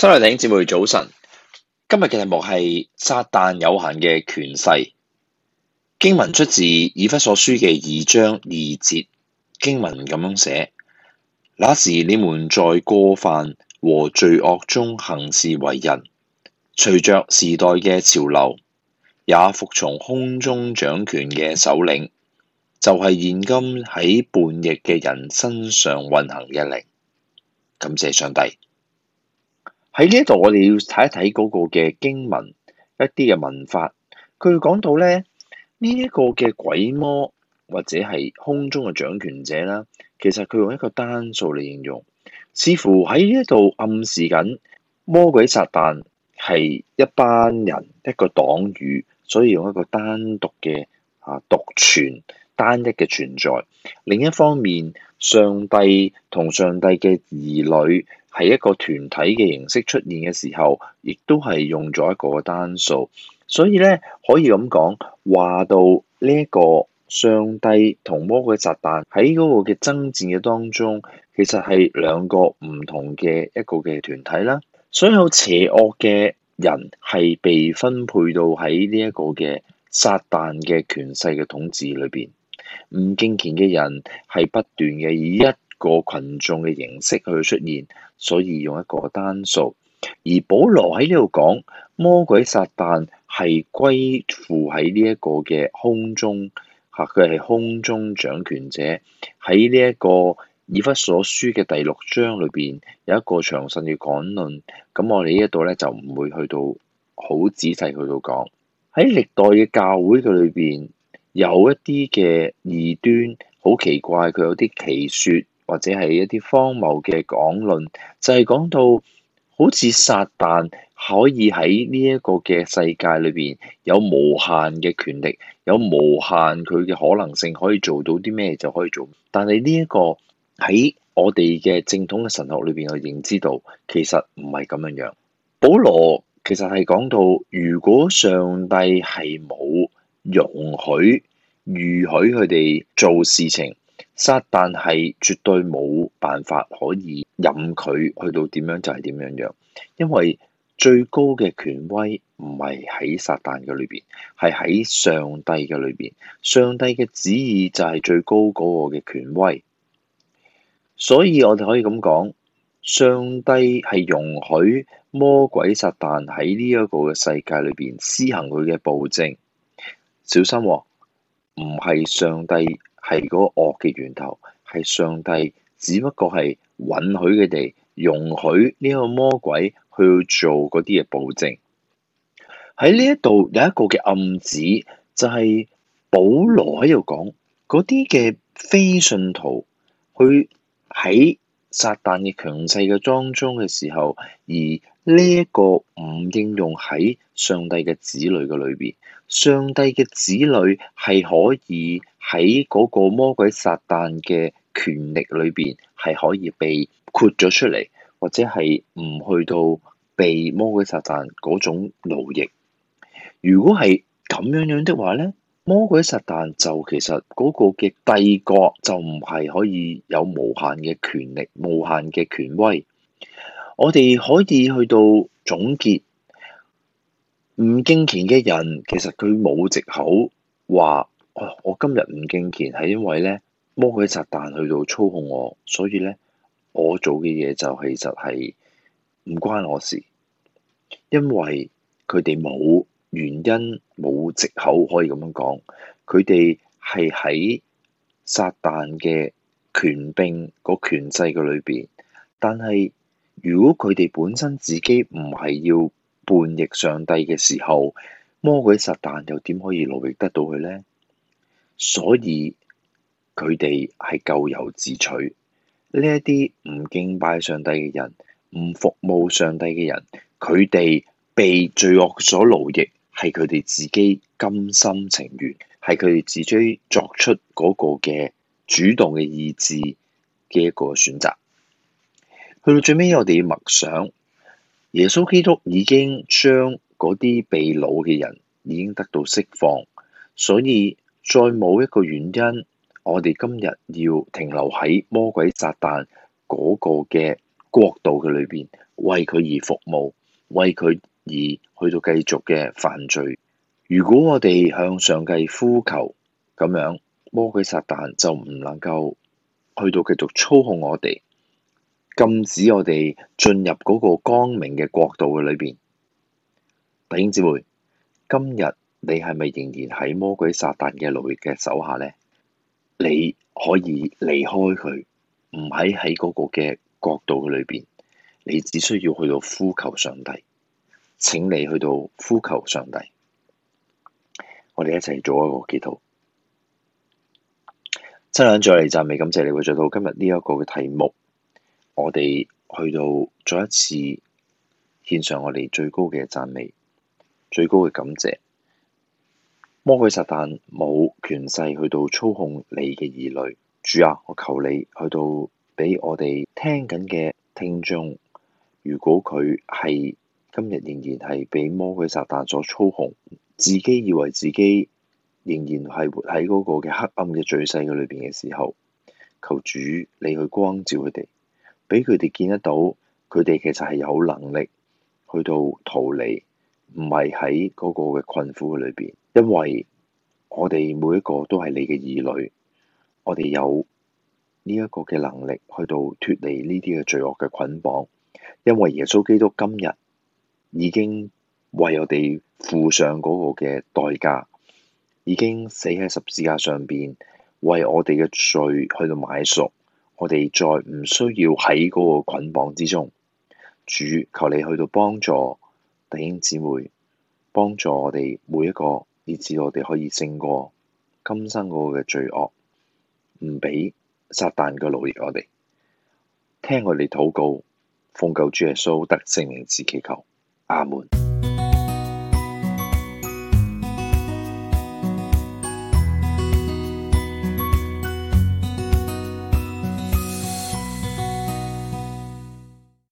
新來頂姐妹早晨，今日嘅題目係撒旦有限嘅權勢。經文出自以弗所書嘅二章二節，經文咁樣寫：那時你們在過犯和罪惡中行事為人，隨着時代嘅潮流，也服從空中掌權嘅首領，就係、是、現今喺叛逆嘅人身上運行嘅靈。感謝上帝。喺呢一度，我哋要睇一睇嗰個嘅經文一啲嘅文法。佢講到咧呢一個嘅鬼魔或者係空中嘅掌權者啦，其實佢用一個單數嚟形容，似乎喺呢一度暗示緊魔鬼撒旦係一班人一個黨羽，所以用一個單獨嘅啊獨存單一嘅存在。另一方面，上帝同上帝嘅兒女。係一個團體嘅形式出現嘅時候，亦都係用咗一個單數，所以咧，可以咁講，話到呢一個上帝同魔鬼撒旦喺嗰個嘅爭戰嘅當中，其實係兩個唔同嘅一個嘅團體啦。所有邪惡嘅人係被分配到喺呢一個嘅撒旦嘅權勢嘅統治裏邊，唔敬虔嘅人係不斷嘅以一個群眾嘅形式去出現，所以用一個單數。而保羅喺呢度講魔鬼撒旦係歸附喺呢一個嘅空中嚇，佢係空中掌權者，喺呢一個以弗所書嘅第六章裏邊有一個詳細嘅講論。咁我哋呢一度咧就唔會去到好仔細去到講，喺歷代嘅教會佢裏邊有一啲嘅異端，好奇怪佢有啲奇説。或者係一啲荒謬嘅講論，就係、是、講到好似撒旦可以喺呢一個嘅世界裏邊有無限嘅權力，有無限佢嘅可能性可以做到啲咩就可以做。但係呢一個喺我哋嘅正統嘅神學裏邊去認知到，其實唔係咁樣樣。保羅其實係講到，如果上帝係冇容許、允許佢哋做事情。撒旦係絕對冇辦法可以任佢去到點樣就係點樣樣，因為最高嘅權威唔係喺撒旦嘅裏邊，係喺上帝嘅裏邊。上帝嘅旨意就係最高嗰個嘅權威，所以我哋可以咁講，上帝係容許魔鬼撒旦喺呢一個嘅世界裏邊施行佢嘅暴政。小心喎，唔係上帝。係個惡嘅源頭，係上帝，只不過係允許佢哋容許呢個魔鬼去做嗰啲嘅暴政。喺呢一度有一個嘅暗指，就係、是、保羅喺度講嗰啲嘅非信徒，佢喺撒旦嘅強勢嘅當中嘅時候，而呢一個唔應用喺上帝嘅子女嘅裏邊，上帝嘅子女係可以。喺嗰個魔鬼撒旦嘅權力裏邊，係可以被豁咗出嚟，或者係唔去到被魔鬼撒旦嗰種奴役。如果係咁樣樣的話呢，魔鬼撒旦就其實嗰個嘅帝國就唔係可以有無限嘅權力、無限嘅權威。我哋可以去到總結，唔敬虔嘅人其實佢冇藉口話。我今日唔敬虔係因為咧魔鬼撒旦去到操控我，所以咧我做嘅嘢就係、其實係唔關我事，因為佢哋冇原因，冇藉口可以咁樣講，佢哋係喺撒旦嘅權柄個權勢嘅裏邊。但係如果佢哋本身自己唔係要叛逆上帝嘅時候，魔鬼撒旦又點可以奴役得到佢咧？所以佢哋係咎由自取。呢一啲唔敬拜上帝嘅人，唔服務上帝嘅人，佢哋被罪惡所奴役，係佢哋自己甘心情願，係佢哋自己作出嗰個嘅主動嘅意志嘅一個選擇。去到最尾，我哋默想耶穌基督已經將嗰啲被擄嘅人已經得到釋放，所以。再冇一個原因，我哋今日要停留喺魔鬼撒旦嗰個嘅國度嘅裏邊，為佢而服務，為佢而去到繼續嘅犯罪。如果我哋向上帝呼求，咁樣，魔鬼撒旦就唔能夠去到繼續操控我哋，禁止我哋進入嗰個光明嘅國度嘅裏邊。弟兄姊妹，今日。你係咪仍然喺魔鬼撒旦嘅奴役嘅手下咧？你可以離開佢，唔喺喺嗰個嘅國度嘅裏邊，你只需要去到呼求上帝。請你去到呼求上帝，我哋一齊做一個祈禱。真係再嚟讚美，感謝你會做到今日呢一個嘅題目。我哋去到再一次，獻上我哋最高嘅讚美，最高嘅感謝。魔鬼撒旦冇權勢去到操控你嘅兒女，主啊，我求你去到俾我哋聽緊嘅聽眾，如果佢係今日仍然係被魔鬼撒旦所操控，自己以為自己仍然係活喺嗰個嘅黑暗嘅最細嘅裏邊嘅時候，求主你去光照佢哋，俾佢哋見得到佢哋其實係有能力去到逃離，唔係喺嗰個嘅困苦嘅裏邊。因為我哋每一個都係你嘅兒女，我哋有呢一個嘅能力去到脫離呢啲嘅罪惡嘅捆綁。因為耶穌基督今日已經為我哋付上嗰個嘅代價，已經死喺十字架上面，為我哋嘅罪去到買贖，我哋再唔需要喺嗰個捆綁之中。主求你去到幫助弟兄姊妹，幫助我哋每一個。以致我哋可以勝過今生嗰個嘅罪惡，唔畀撒旦嘅奴役我哋，聽我哋禱告，奉救主耶穌得聖名祈求，阿門。